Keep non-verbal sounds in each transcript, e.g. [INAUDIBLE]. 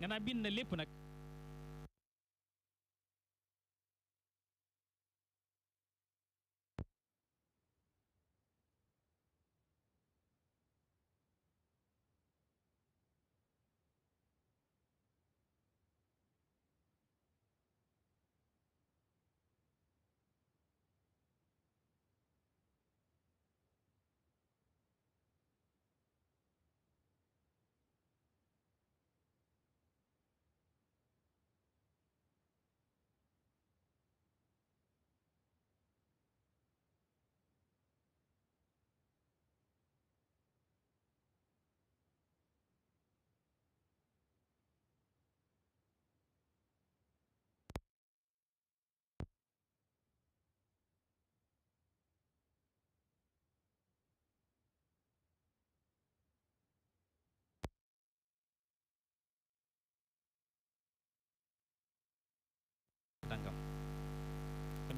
nee naa bind na lépp nag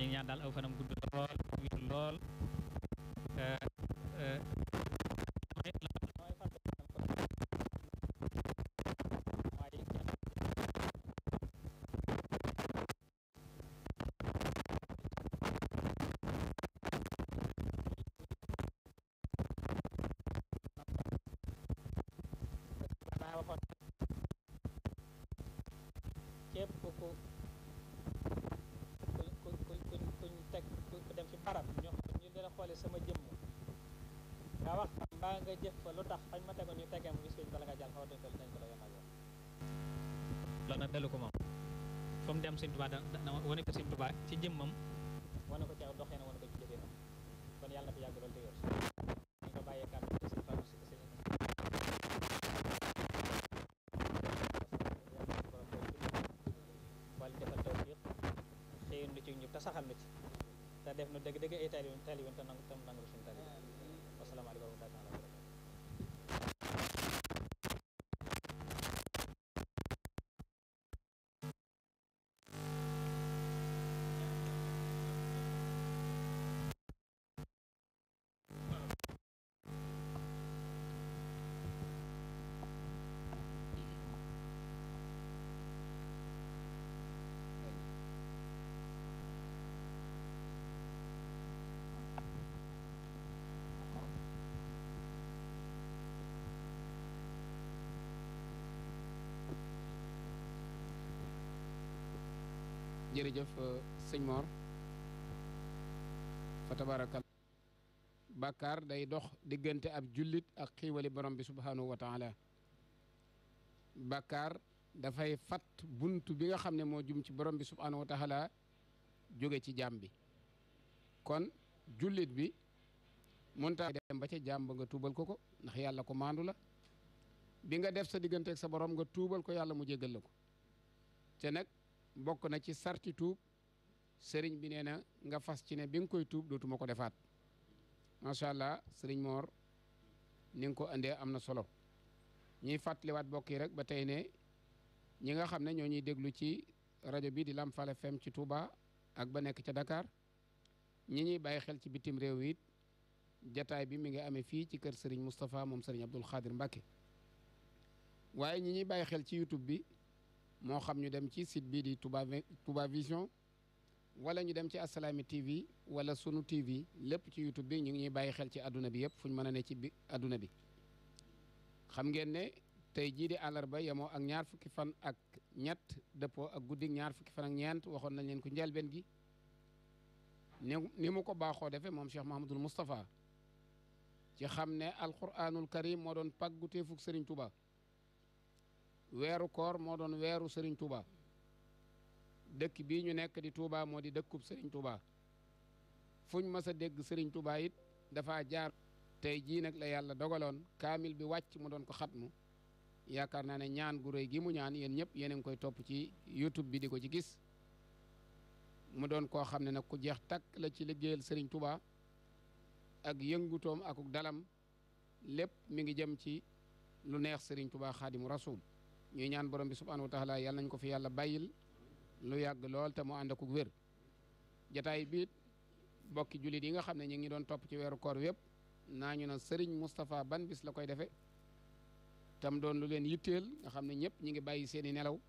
ñu ngi daal aw fanam gudd lool wér lool xoole sama jëmm nga wax mbaa nga jëf fa lu tax fañ ma tegoon ñu tegee mu bis ko bala nga jàll xaw a dëkkal dañ ko la yoon ak yoon loolu nag dalu ko moom fa mu da wane ko Sëñ Tuubaa ci jëmmam wane ko ci aw doxee na wane ko ci jëfee kon yàlla na fi yàgg loolu te yor ñu ko bàyyee kàddu ci Sëñ Fallu wala defal tawfiq xëy ci te def nu dëgg dëgg ay taalibe taalibe te nangu tam nangu suñu jërëjëf euh, sëñ Mor fa day dox diggante ab jullit ak xiiwali borom bi subhanahu wa taala dafay fat bunt bi nga xam ne moo jum ci borom bi subhanahu wa taala jóge ci jaam bi kon jullit bi munta dem ba ca jaam ba nga tuubal ko ko ndax yàlla ko maandu la bi nga def sa digganteeg sa borom nga tuubal ko yàlla mu jéggal la ko te bokk na ci sarti tuub sëriñ bi nee na nga fas ci ne bi nga koy tuub dootuma ko defaat macha allah sëriñ Mor ni nga ko indee am na solo ñuy fàttaliwaat mbokk yi rek ba tey ne ñi nga xam ne ñoo ñuy déglu ci rajo bi di Lamp Fall ci Touba ak ba nekk ca dakaar ñi ñuy bàyyi xel ci bitim réew it jataay bi mi ngi amee fii ci kër sëriñ Moustapha moom sëriñ Abdul Xaadir Mbacke waaye ñi ñuy bàyyi xel ci YouTube bi. moo xam ñu dem ci sit bii di Touba Touba Vision wala ñu dem ci Assalaamy TV wala sunu TV lépp ci YouTube bi ñu ngi ñuy bàyyi xel ci àdduna bi yëpp fu ñu mën a ne ci bi àdduna bi xam ngeen ne tey jii di àllarba yemoo ak ñaar fukki fan ak ñett dëppoo ak guddi ñaar fukki fan ak ñeent waxoon nañ leen ko njalbeen gi ni ni mu ko baaxoo defee moom Cheikh Mahamadul Moustapha ci xam ne alquranul karim moo doon pàgguteefug sëriñ tubaa weeru koor moo doon weeru sëriñ Touba dëkk bii ñu nekk di Touba moo di dëkkub sëriñ Touba fuñ mës a dégg sëriñ Touba it dafa jaar tey jii nag la yàlla dogaloon kaamil bi wàcc mu doon ko xat mu yaakaar naa ne ñaan gu réy gi mu ñaan yéen ñëpp yéen a ngi koy topp ci YouTube bi di ko ci gis mu doon koo xam ne nag ku jeex takk la ci liggéeyal sëriñ Touba ak yëngutoom akuk dalam lépp mi ngi jëm ci lu neex sëriñ Touba mu rasul ñuy ñaan borom bi subhaanahu wa taala nañ ko fi yàlla bàyyil lu yàgg lool te mu ànd ak wér jataay biit bokki jullit yi nga xam ne ñu ngi doon topp ci weeru koor yëpp naa ñu na Serigne Moustapha ban bis la koy defee tam doon lu leen yitteel nga xam ne ñëpp ñu ngi bàyyi seen i nelaw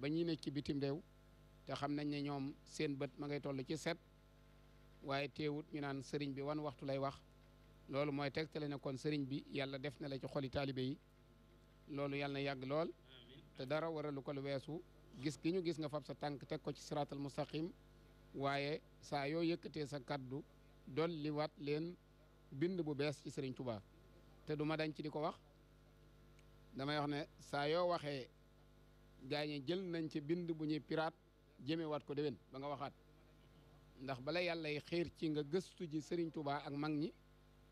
ba ñuy nekk ci bitim réew te xam nañ ne ñoom seen bët ma ngay toll ci set waaye teewut ñu naan Serigne bi wan waxtu lay wax loolu mooy tegtale ne kon Serigne bi yàlla def na la ci xoli taalibe yi loolu yàlla na yàgg lool. te dara waralu ko lu weesu gis ki ñu gis nga fab sa tànk teg ko ci siraatal mustaqim waaye saa yoo yëkkatee sa kàddu dolli waat leen bind bu bees ci Serigne Touba te du ma dañ ci di ko wax damay wax ne saa yoo waxee gaañe jël nañ ci bind bu ñuy piraat jëmewaat ko déwén ba nga waxaat ndax bala yàlla yi xiir ci nga gëstu ji sëriñ tubaa ak mag ñi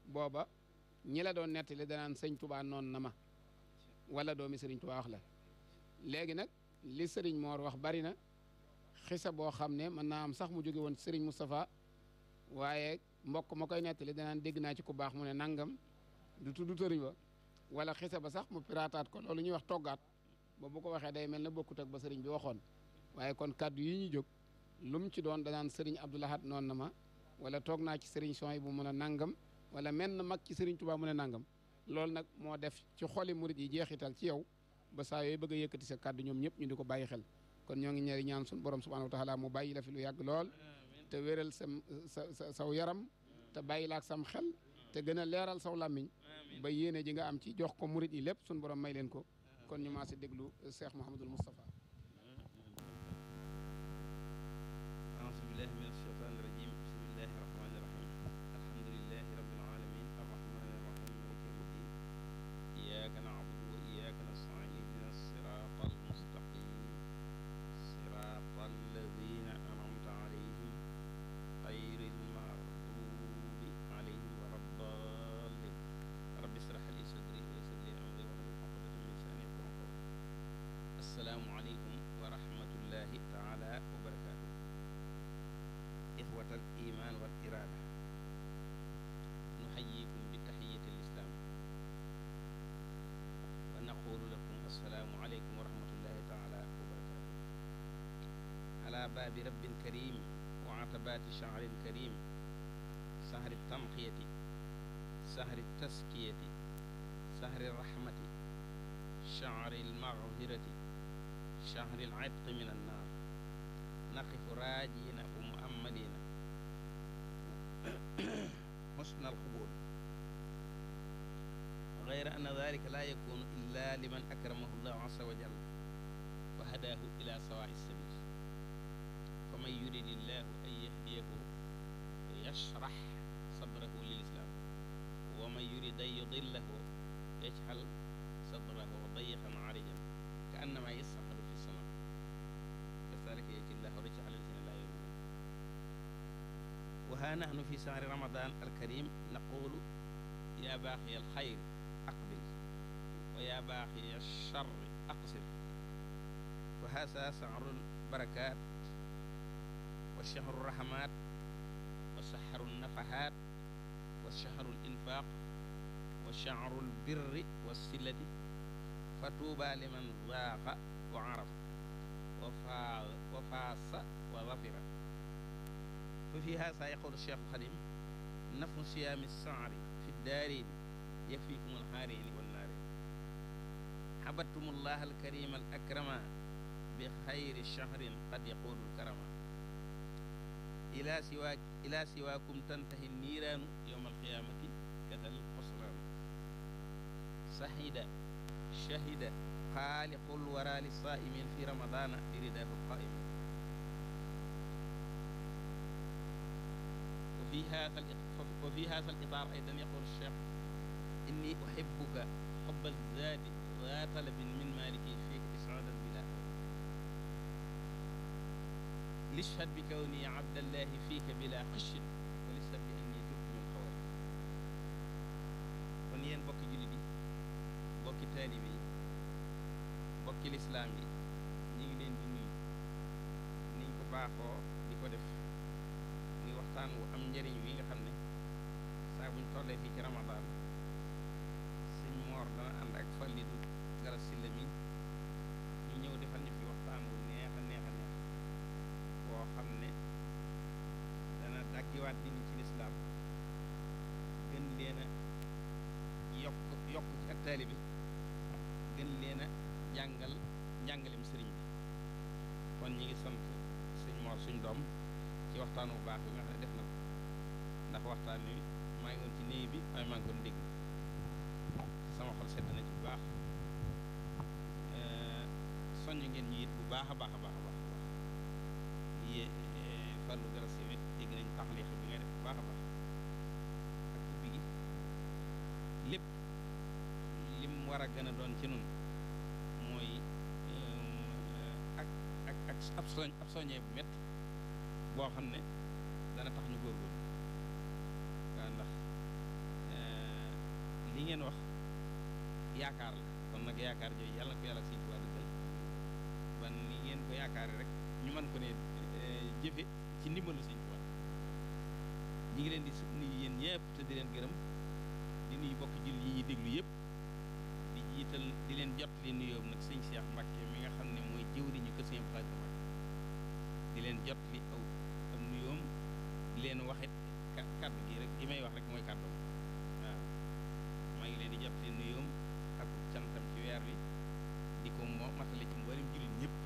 booba ñi la doon nettali danaan sëñ tubaa noon na ma wala doomi Serigne Touba wax la. léegi nag li sëriñ Mor wax bari na xisa boo xam ne mën naa am sax mu jóge woon sëriñ Moustapha waaye mbokk ma koy nettali danaan dégg naa ci ku baax mu ne nangam du tudd sëriñ ba wala xisa ba sax mu pirataat ko loolu ñuy wax toggaat ba bu ko waxee day mel na bokkut ba sëriñ bi waxoon waaye kon kàddu yi ñu jóg lu mu ci doon danaan sëriñ Abdoul Ahad noonu na ma wala toog naa ci sëriñ son yi bu mun a nangam wala menn mag ci sëriñ Tuubaa mu ne nangam loolu nag moo def ci xoli murit yi jeexital ci yow ba saa yooy bëgg yëkkati sa kàddu ñoom ñëpp ñu di ko bàyyi xel kon ñoo ngi ñaari ñaan suñu borom subhanahu wa taala mu bàyyi la fi lu yàgg lool te wéral sam sa saw yaram te bàyyi la sam xel te gën a leeral saw làmmiñ ba yéene ji am ci jox ko murit yi lépp suñu borom may leen ko kon ñu maa si déglu Cheikh Mouhamadul Moustapha baabi rabbin karim wa atabaati shahrin karim sahri tanqiyati sahri taskiyati sahri rahmati shahri lmaghfirati shahri litqi min annaar naqifu raajiina wa muammaliina حسن القبول غير أن ذلك لا يكون إلا لمن أكرمه الله عز وجل وهداه إلى سواء السبيل man yuridillahu an yahdiyahu yashrax sadrahu lil islaam wa man yurid an yudillahu yajxal sadrahu dayqan arijan ka annama yasxadu fi sama kazalika yati llahu rijalan alladina la yuminun wa ha nahnu fi sahri ramadan alkarim naqulu ya baaxiya alxayr aqbil wa ya baaxiya alchar aqsir wa hasa sahrul barakat wa shahru rahmat wa shahru nafahat wa shahru infaq wa shahru birri wa silati fa tuuba liman zaaqa wa araf wa faa wa faasa wa zafira fa fi haasa yaqulu cheikh xadim nafu siyaami saari fi daareeni yakfikum alxaareeni wannaareeni xabattum allah alkarima alakrama bi xayri shahrin qad yaquulu alkarama ilaa siwaa ilaa siwaakum tantahi niiraanu yowma alqiyaamati kadal xosraanu sahida shahida xaaliqul wara li saaimin fi ramadaana biridaatu qaa'imin وفي هذا وفي هذا الإطار أيضا يقول الشيخ إني أحبك حب الزاد ذا طلب من مالك lishhad bi kawni abdallahi fiika bila xishin wa lishhad bi anni tubtu min xawar kon yéen bokki jullit yi bokki taalibe yi bokki lislaam yi ñu ngi leen di nuyu niñ ko baaxoo waxtaan wi maa ngi woon ci néeg bi waaye maa ngi doon dégg sama xol sedd na ci bu baax euh, soññ ngeen ñi it bu baax a baax a baax a baax euh, a baax lépp lim war a gën a doon ci nun mooy euh, ak ak ak ab soñ ab soññee bu métti boo xam ne dana tax ñu góorgóorlu ngeen wax yaakaar la kon nag yaakaar jooju yàlla ko yàlla ak Sëñ ban ni ngeen ko yaakaare rek ñu mën ko eh, jëfe ci ndimbalu Sëñ ngi leen di nuyu yéen ñëpp te di leen gërëm di nuyu bokk jullit yi déglu yëpp di jiital di leen jot li nuyoo nag sëñ Cheikh mi nga xam ne mooy jëwriñu kër sëñ Xaadim Mbacke leen jot li leen waxit kàddu gi rek li may wax rek mooy kàddoom jàppte nuyoom ak cantam ci weer wi di ko moo matale ci mboolem jullit ñëpp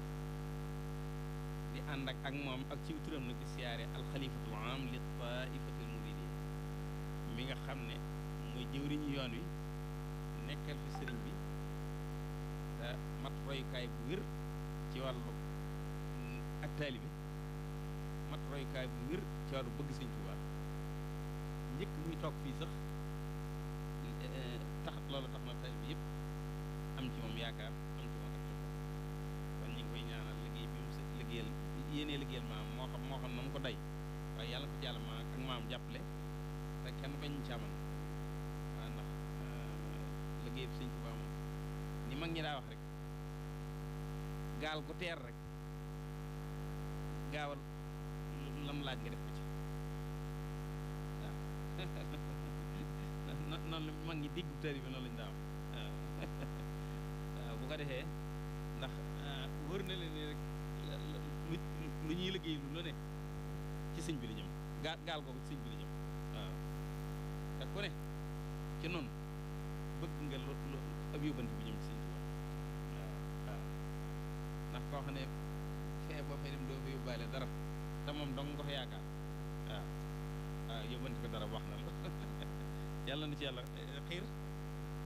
di ànd ak moom ak ci turam nag di siyaare alxalifatul am li taifatil muridi mi nga xam ne mooy jëwriñu yoon wi nekkal fi sëriñ bi te mat royukaay bu wér ci wàllu ak taalibe mat royukaay bu wér ci wàllu bëgg sëñ Tuubaa njëkk muy toog fii sax taal bi yëpp am ci moom yaakaar am ci moom kon ñu koy ñaanal liggéey bi mu si liggéeyal yéenee liggéeyal maam moo xam moo xam na mu ko day waaye yàlla ko ci yàlla ak maam jàppale te kenn bañ ci amal waaw ndax euh, ni mag ñi daa wax rek gaal gu teer rek gaawal lam laaj nga def ko ci waaw [LAUGHS] noonu la mag ñi diggu tari daa wax ko defee ndax euh, wër na leen ne rek lu lu ne ci sëñ bi la jëm gaal gaal googu ci sëñ bi la jëm waaw te ku ne ci noonu bëgg nga lu lu ab yóbbante bu jëm ci bi waaw ndax koo xam ne fee boo doo fa yóbbaale dara te moom dong nga ko yaakaar waaw waaw ah, ko dara wax na la [LAUGHS] yàlla na ci yàlla eh, xiir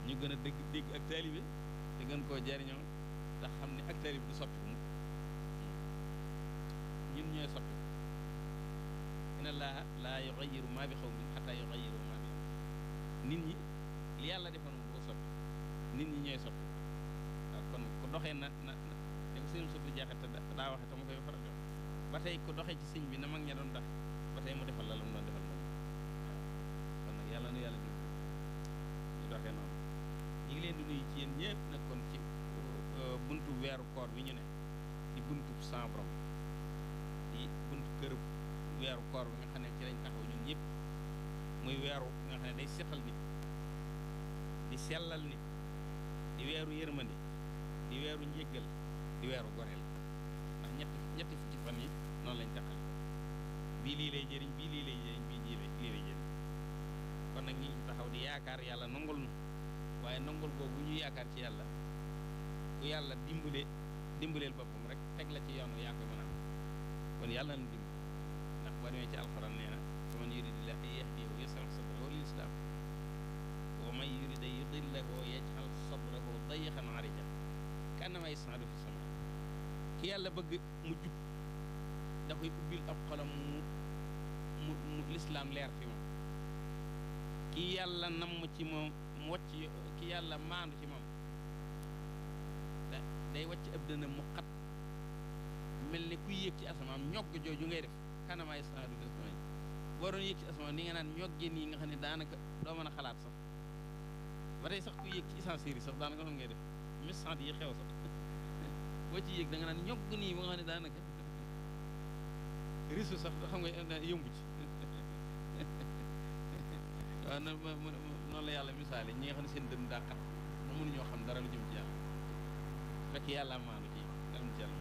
ñu gën a dégg dégg ak taalibe gën koo jariñoo ndax xam ne acteur bi bu soppi mukk ñun ñooy soppi inna laaha laa yughayyiru maa bi qawmin hattaa yughayyiru maa nit ñi li yàlla defoon moom du soppi nit ñi ñooy soppi waaw kon ku doxee na na dem seen sutu jaaxete daa waxe te mu koy faral ba tey ku doxee ci sëñ bi na mag ña doon doxe ba tey mu defal la lu mu doon defal moom waaw kon nag yàlla na yàlla di ñu doxee noonu ñu ngi leen di nuyu ci nag buntu weeru koor bi ñu ne buntu sans borom di buntu kër weeru koor bi nga xam ne day setal nit di sellal nit di weeru weeru njéggal weeru goreel ndax fukki fan yi noonu bii lii lay jëriñ bii lii lay jëriñ bii lii lay jëriñ kon nag ñu taxaw di yaakaar yàlla nangul nu waaye nangul googu ñu yaakaar ci yàlla ku yàlla dimbale dimbaleel boppam rek teg la ci yoonu yaa koy mën kon yàlla na dimbal ndax boo demee ci alxuraan nee na fa man yuridillah yahdihi wa yasrah sadrahu lil islam wa man yurid an yudillahu yaj'al sadrahu dayqan harijan ka'annama fi sama ki yàlla bëgg mu jub da koy ubbil ab xolam mu mu lislaam leer fi moom ki yàlla namm ci moom mu wàcc ki yàlla maandu ci moom day wàcc ab dëna mu xat mel ne kuy yéeg ci asamaan ñogg jooju ngay def kanamaay saaru de sama boo doon yéeg ci asamaan ni nga naan ñogge nii nga xam ne daanaka doo mën a xalaat sax ba tey sax kuy yéeg ci ascenseur yi sax daanaka noonu ngay yi xew sax [LAUGHS] nga naan ñogg [LAUGHS] eh, eh, [LAUGHS] noonu la yàlla misaale ñi nga xam ne seen dënn daa xat mënuñoo xam dara lu jëm ci yàlla maanu ci yàlla na ci yàlla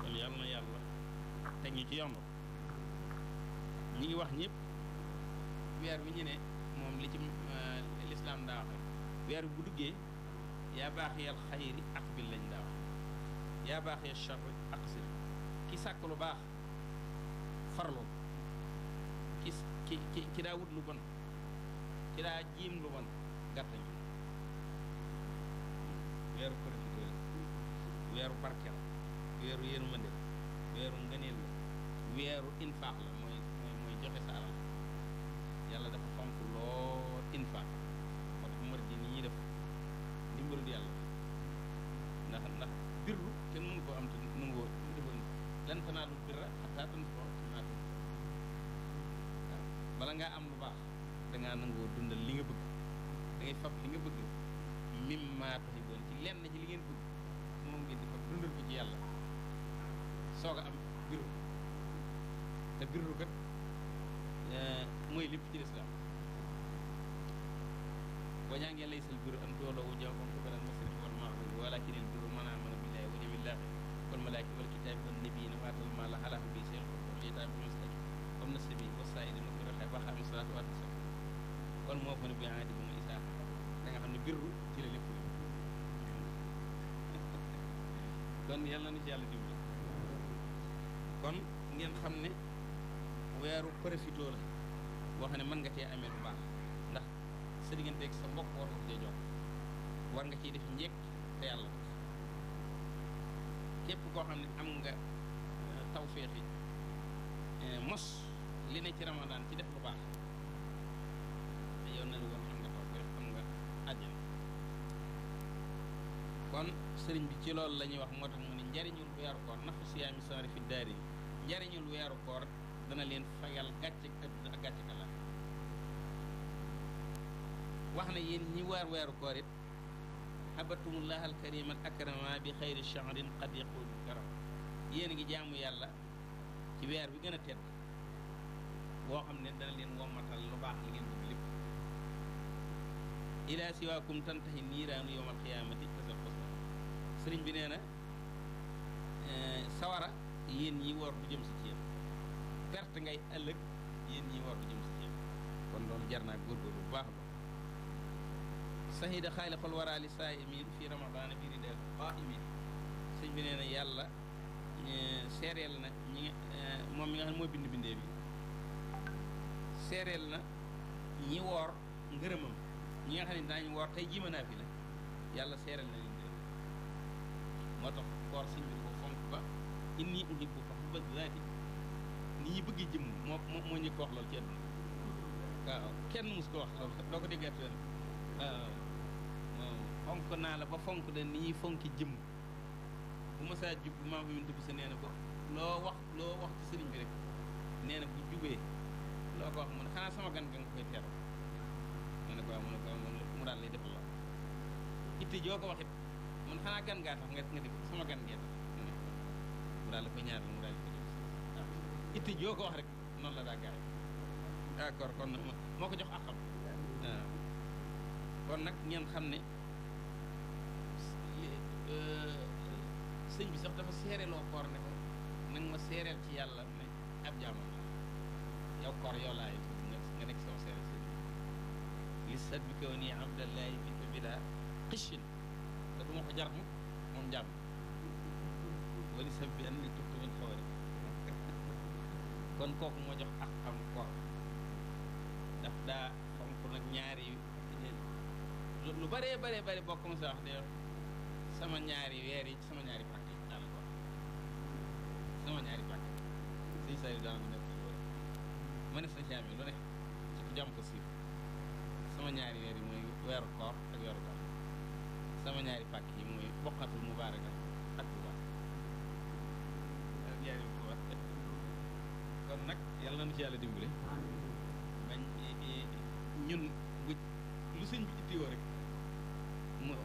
kon yàlla na yàlla teg ñu ci yomb ñi ngi wax ñëpp weer wi ñu ne moom li ci euh, lislaam daa waxe weer bu duggee yaa baax yal xayri ak bil lañ daa wax yaa baax yal charri ak sir ki sàkk lu baax farlu ki ki ki daa wut lu bon ki daa jiim lu bon gàttañ weeru barke la weeru yërmande la weeru ngëneel weeru infaax soog a am birru te birru kat mooy lépp ci lislaam wañaangee laysal birru an tuwalloo wujuuhakum qibala al-mashriqi wal maghrib walaakinna al-birra man aamana billaahi wal yawmil aaxir wal malaa'ikati wal kitaabi wan nabiyyiina wa aatal maala alaa hubbihi shay'an wal yataamaa wal kon moo fa ne bu ñaanee dugg mu isaaxa da xam ne birru ci la lépp [LAUGHS] kon yàlla na ci yàlla dimbali kon ngeen xam ne weeru profito la boo xam ne mën nga cee amee lu baax ndax sa diggante ak sa mbokk war jox war nga ciy def njëkk te yàlla ko képp koo xam ne am nga euh, tawféex yi euh, mos li ne ci ramadaan ci def lu baax te yow na lu woon xam nga tawféex kon sëriñ bi ci loolu la ñuy wax moo tax mu ne njariñul bu yaru koor nafu siyaami saari fi daari njariñul weeru koor dana leen fayal gàcce adduna ak gàcce kala wax na yéen ñi waar weeru koor it habatumullah alkarima akrama bi xayri chahrin qad yaqul karam yéen a ngi jaamu yàlla ci weer bi gën a tedd boo xam ne dana leen wommatal lu baax li ngeen dugg lépp ila siwaakum tantahi niiraanu yowm alqiyaamati tasaqosa sëriñ bi nee eh, sawara yéen ñi woor du jëm si ci yéen perte ngay ëllëg yéen ñi woor du jëm si ci yéen kon loolu jar naa góorgóor bu baax ba sahida xaaliqul wara li saaimin fi ramadaana bi ridal qaimin sëñ bi nee yàlla seereel na ñi eh, moom mi bind bindee bi seereel na ñi woor ngërëmam ñi nga xam ne daañu woor tey jii mën la yàlla seereel na leen moo tax koor sëñ bi inni uhibbuka hubba zaati ni ñuy bëgg jëmm moo moo moo ñëkk wax loolu ci àdduna waaw kenn mus ko wax loolu doo ko dégg àdduna waaw fonk naa la ba fonk de ni ñuy jëmm bu ma saa jub maa nee na ko wax loo wax ci nee na bu jubee loo ko wax mu ne xanaa sama gan ga koy teeru ma ne ko waaw mu ne ko mu daal lay defal la itti joo ko wax it man xanaa gan ngaa tax nga nga def sama gan ngeen daal la koy ñaanal mu daal di ko ah. def ko wax rek noonu la daa gaaw d'accord moo ko jox ah. kon nag ngeen xam ne euh, sëñ bi dafa seereloo koor ne ma seereel ci yàlla ab jaamam la yow laay nga nekk soo seereel sëñ bi bi kaw nii abdallahi bi bila xishin da du ma ko jar mu wali sa bi an li tukk min xawari kon kooku moo jox ak xam koor daf daa fonk nag ñaari lu bëree bëree bëri bokk ma sa wax de sama ñaari weer yi sama ñaari pàcc yi daal ko sama ñaari pàcc suñ sa jaam yi lu ne ci ku jàmm ko siif sama ñaari weer yi mooy weeru koor ak weeru koor sama ñaari pàcc yàlla dimbale bañ eh, eh, ñun bu lu sëñ bi ittiwoo rek moo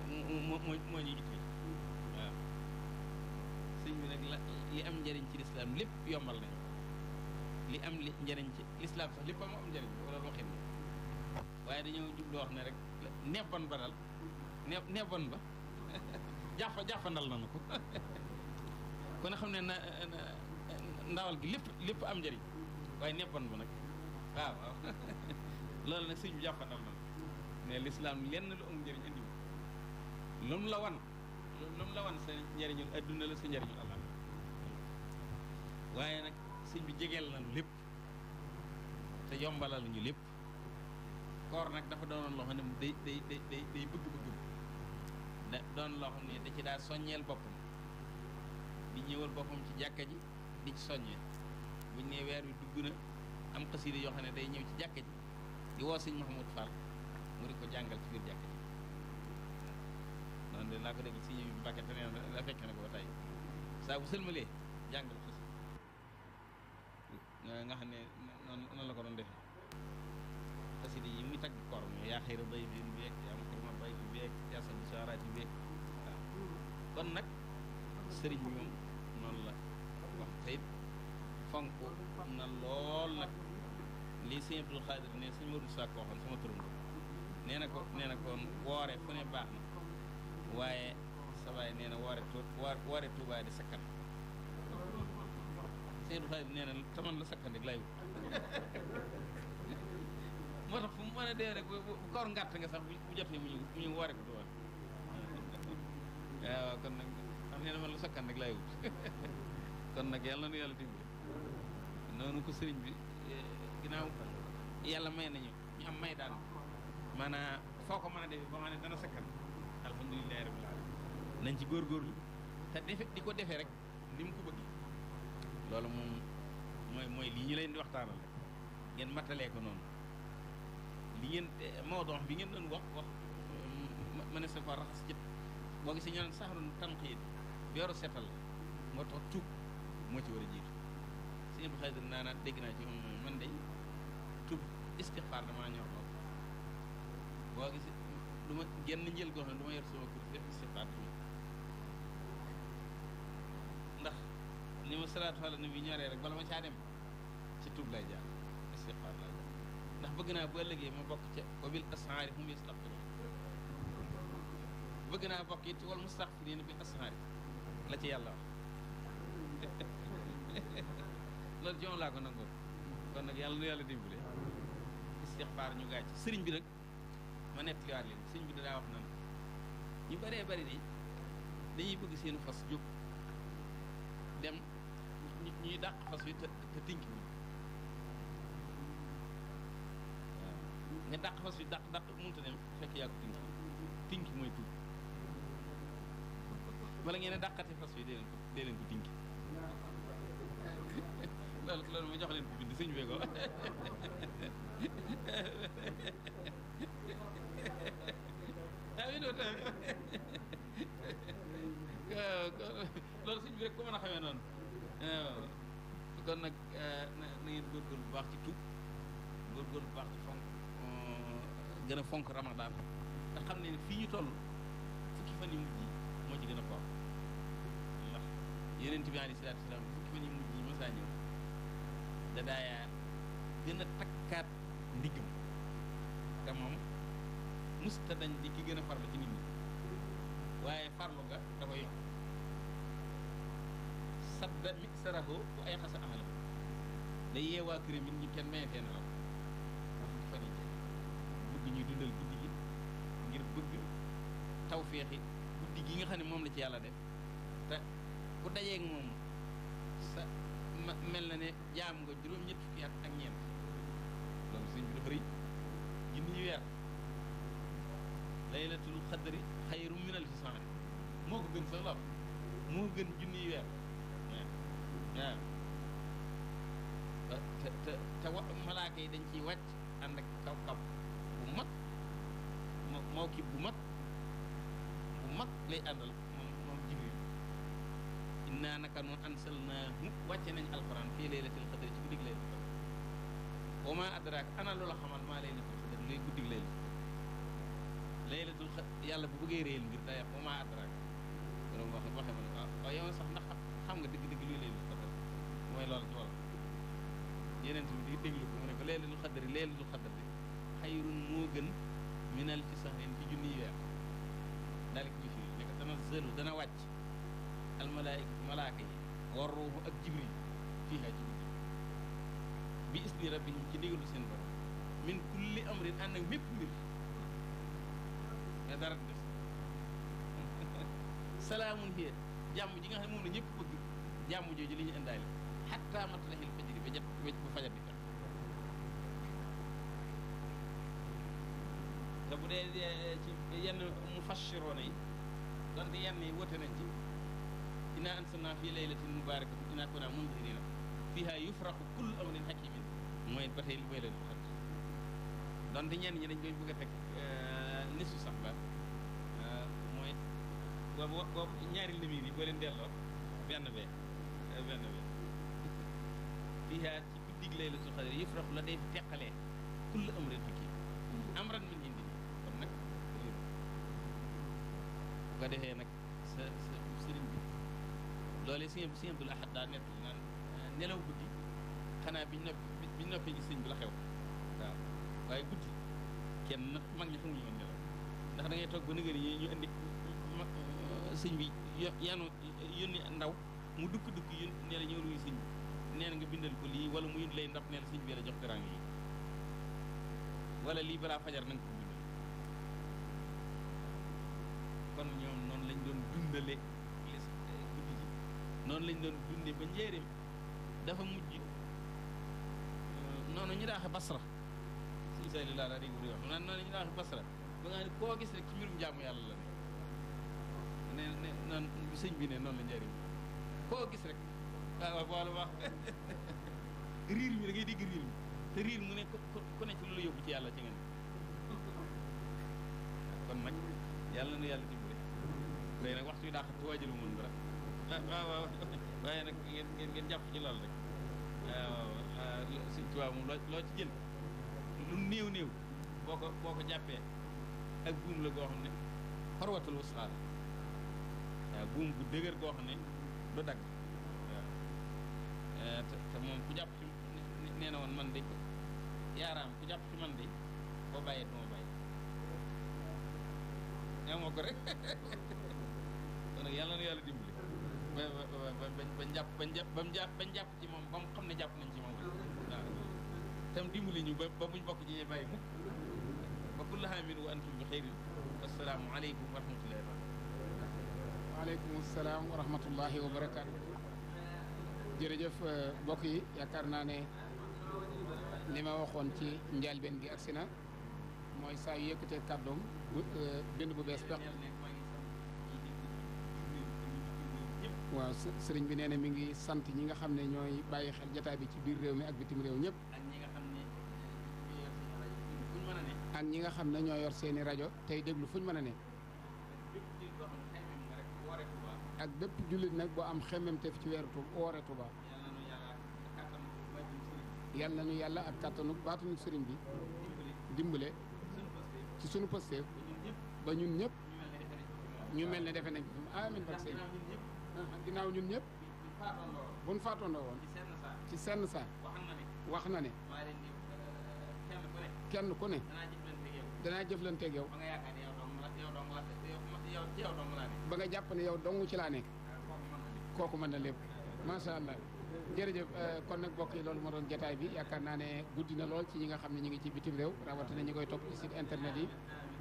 moo moo ñuy ittee waaw sëñ bi nag li am njariñ ci lislaam lépp yombal nañ li am li njariñ ci lislaam sax lépp am am njariñ wala waxin waaye dañoo jubloo wax ne rek nebban ba dal ne nebban ba [LAUGHS] jàppa jàppandal nanu ko [LAUGHS] kon xam ne ndawal gi lépp lépp am njariñ waaye nebban bu nag waaw waaw [LAUGHS] loolu nag sëñ bi jàppandal na ne lislaam lenn lu am njëriñ indi lu mu la wan lu mu la wan sa njëriñul adduna la sa njëriñul àlla waaye nag sëñ bi jegeel na lépp te yombalal ñu lépp koor nag dafa doonoon loo xam mu day day day day day bëgg da doon loo xam ne da ci daa soññeel boppam di ñëwal boppam ci jàkka ji di ci soññee buñ ne weer wi gune am xasida yoo xam ne day ñëw ci jàkka ji di mu di ko ci biir jàkka de naa ko si ñëw Mbàkke saa bu sëlmalee jàngal xasida nga xam ne noonu la ko doon defee xasida yi muy tagg koor mi yaa xayra bay bi beeg kon nag sëriñ moom si Abdul Xaadir ne sëñ Modou Sakho koo xam sama turando nee na ko nee na kon woore fu ne baax na waaye sa baay nee na woore tu woore Tuubaa di sakkan sëñ Abdul Xaadir nee na taman la sakkan rek lay wut [LAUGHS] moo tax fu mu mën a dee rek bu koor ngàtt nga sax bu jotee mu ñu ñu woore ko Tuubaa [LAUGHS] waaw kon nag xam ne man lu sakkan rek lay wut [LAUGHS] kon nag yàlla na yàlla dimbali noonu ko sëriñ bi eh, ginnaaw yàlla may nañu ñu am may daan maanaam foo ko mën a defee ba xam ne dana sakkan alhamdulilahi rabbil nañ ci góorgóorlu te defe di ko defee rek ni mu loolu moom mooy lii leen di waxtaanal ngeen mattalee ko noonu li ngeen bi ngeen doon wax wax ma ne sa ko raxas jët boo gisee ñu naan saxarun tanqiid weeru seetal la moo tax tuub moo ci war a jiitu sëñ Abdou Xaadir naa naa dégg naa ci moom man day istixfaar damaa ñor lool boo gis du ma genn njël goo xam ne du ma yor sama kuréel def istixfaar tamit ndax ni ma salaatu ala nabi ñoree rek bala ma caa dem ci tuub lay jaar istixfaar lay jaar ndax bëgg naa bu ma bokk ca wa bil ashaari hum naa bokk it wal mustaghfiriina bil ashaari la ci yàlla wax [LAUGHS] loolu joom laa ko nangoo kon nag yàlla nu yàlla dimbale istixfaar ñu gaa ci sëriñ bi nag ma nettaliwaat leen sëriñ bi danaa wax na ñu bëree bëri ni dañuy bëgg seen fas jóg dem ñuy dàq fas wi te te fas wi dàq dàq mënut a mooy tuub wala ngeen daqati dàqate fas wi dee leen ko dee leen ko tënk [LAUGHS] loolu loolu ma jox leen ko bind sëñ bee ko [LAUGHS] amiin wa taal waaw kon loolu sëñ bi rek ko mën a xamee noonu waaw kon nag na ngeen góorgóorlu bu baax ci tuub góorgóorlu bu baax ci fonk gën a fonk ramadaan ndax xam ne fii toll fukki fan yi mujj yi moo ci gën a baax ndax yonent bi salaam fukki fan yi mujj yi masaa ñëw da gën a takkaat ndiggam te moom musta dañ di ki gën a farlu ci nit ñi waaye farlu ga dafa yokk sadda mi saraho bu ay xasa amala day yeewaa këram it kenn mayetee na la dafa yi ñuy dundal guddi gi ngir bëgg tawféexi guddi gi nga xam ne moom la ci yàlla def te ku dajeeg moom sa mel na ne jaam nga juróom-ñett fukki at ak ñeent xaddari xayrum min alfi sahri moo ko gën sa lor moo gën junniy weer waaw te te te wa malaaka yi dañ ci wacc ànd ak kaw kaw bu mag moo moo bu mag bu mag lay àndal moom moom Jibril innaa naka noonu ansalnaahu wàcce nañ alquran fii laylatil qadri ci guddig laylatil qadri wa maa adraaka ana loola xamal maa laylatil qadri luy guddig laylatil laylatul yàlla bu bëggee réyal mbir day wax ma adrak ah, borom sax ndax xam nga dëgg-dëgg luy laylatul xadar mooy loolu ci wolof yeneen bi di déglu ko mu ne ko laylatul xadar yi laylatul xadar yi xayrun moo gën min alfi sahrin ci junniy weer dana zëlu dana wàcc al malaayika yi war ruuxu ak jibril fii haa ci guddi bi isni ci ndigalu seen borom min kulli amrin ànd ak mépp mbir ne dara def [LAUGHS] ji nga xam ne moom la ñëpp bëgg jàmm jooju li ñu indaale xataa matla'il fajri ba jot fajar di jot te bu dee eh, ci yenn mufassiroona yi donte yenn yi woote nañ ci innaa anzalnaa fii laylatin mubaarakatin innaa kunnaa munziriina fiihaa yufraqu kullu amrin hakiimin mooy ba tey li may leen ñi dañ bëgg a teg eh, nisu boobu boobu ñaari lëmiir yi boo leen delloo benn bee eh, benn bee fiihaa ci guddig laylatul xadr yufraqu la day teqalee kullu amrin hakiim amran min indi kon nag bu ko defee nag sa sa sëriñ bi loolee sëñ sëñ Abdul Ahad daa nett eh, nelaw guddi xanaa biñ noppi biñ sëñ bi la xew waaw waaye guddi kenn mag ñi xamuñu nelaw ndax da ngay toog ba nëgëri yi ñu indi Euh, sëñ bi yanu yónni ndaw mu dukk dukk yón nee la ñëw nuyu sëñ bi nee na nga bindal ko lii wala mu yónni lay ndab nee la bi la jox teraanga yi wala lii balaa fajar na kon ñoom noonu lañ doon dundale li euh, guddi ji noonu lañ doon dunde ba njéeréem dafa mujj euh, noonu ñu daaxe basra si isali laa daa dégg bu wax noonu ñu daaxe basra ba nga ne koo gis rek ci mbirum jaamu yàlla la naan sëñ bi ne noonu la njëriñ koo gis rek ah, waaw waaw wax [LAUGHS] riir mi da ngay dégg riir mi te riir mu ne ku ne ci lu la yóbbu ci yàlla ci ngeen kon nag yàlla na yàlla nag waxtu yu daax ci waajalu mën dara ah, waaye nag ngeen jàpp ci loolu rek ah, waaw sëñ Tuubaa moom loo ci jël lu néew néew boo ko jàppee ak buum la goo xam ne xorwatul wasxaal waaw euh, buum gu dëgër goo xam ne du dagg waaw euh, te moom ku jàpp ci nee na woon man de yaaraam ku jàpp ci man de boo bàyyee du ma bàyyi ñaamoo ko rek [LAUGHS] kon nag yàlla na yàlla dimbali ba ba ba bañ jàpp bañ jàpp ba mu jàpp bañ jàpp ci moom ba mu xam ne jàpp nañ ci moom waaw tam dimbali ñu ba ba buñ bokk ci ñuy bàyyi mukk ba kullu haamin wa antum bi xayrin assalaamu aleykum wa waaleykum salaam wa rahmatullahi wa barakaatu. jërëjëf euh, mbokk yi yakaar naa ne li ma waxoon ci njëlbeen gi agsi na mooy saa yu yëkkatee kàddoom euh, bind bu bees peq. waaw bi nee na mi ngi sant ñi nga xam ne ñooy bàyyi xel jataay bi ci biir réew mi ak bitim réew ñëpp. ak ñi nga xam ne ñoo yor seeni rajo tey déglu fuñ mën a ne. ak bépp jullit nag bu am xemmemteef ci weeru woore Tuuba yal nañu yàlla ak kàttanu baatunu sëriñ bi dimbale ci sunu posteef ba ñun ñëpp ñu mel ni defe nañ ko fi amiin ba ginnaaw ñun ñëpp bu nu faatoondoo woon ci senn saa wax na ne kenn ku ne danaa jëflanteeg yow. ba nga jàpp ne yow dong ci laa nekk kooku mën na lépp macha allah jërëjëf euh, kon nag mbokk yi loolu moo doon jataay bi yaakaar naa ne guddi na lool ci ñi nga xam ne ñu ngi ci bitim réew rawatina ñi koy topp ci internet yi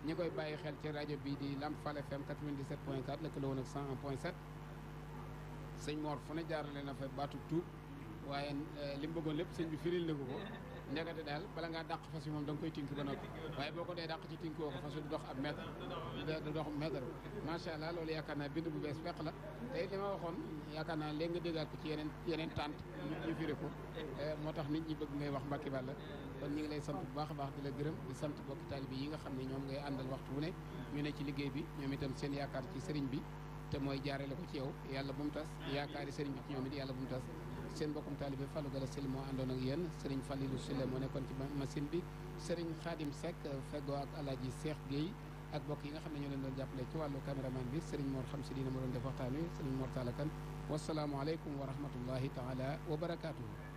ñi koy bàyyi xel ci rajo bii di Lamp Fall FM 97.4 lëkkaloo woon ak 101.7 sëñ moor fu na jaarale na fa baatu tuub waaye euh, li mu bëggoon lépp sëñ bi firil na ko. ndekete daal bala ngaa dàq fas yi moom da nga koy tink ba noppi waaye boo ko dee dàq ci tink woo ko fas du dox ab mètre du dox mètre macha allah loolu yaakaar naa bind bu bees feq la tey li ma waxoon yaakaar naa léegi nga déggaat ko ci yeneen yeneen tànt ñu firé ko eh, moo tax nit ñi bëgg ngay wax Mbàkke Bàlla kon ñu ngi lay sant bu baax a baax di la gërëm di sant bokki taalibe yi nga xam ne ñoom ngay àndal waxtu wu ne ñu ne ci liggéey bi ñoom itam seen yaakaar ci sëriñ bi te mooy jaarale ko ci yow yàlla bu mu tas yaakaari sëriñ bi ci ñoom it yàlla bu mu tas seen mbokkum taalibe Fallou Gala Syll moo àndoon ak yéen Serigne Fallilou Syll moo nekkoon ci machine bi Serigne Khadim Seck euh, feggoo ak Alaaji Cheikh Guèye ak mbokk yi nga xam ne ñoo leen doon jàppale ci wàllu caméraman bi Serigne Mor xam si dina ma doon def waxtaan wi Serigne Mor Talla Kane wasalaamualeykum wa rahmatullahi taala wa barakaatuhu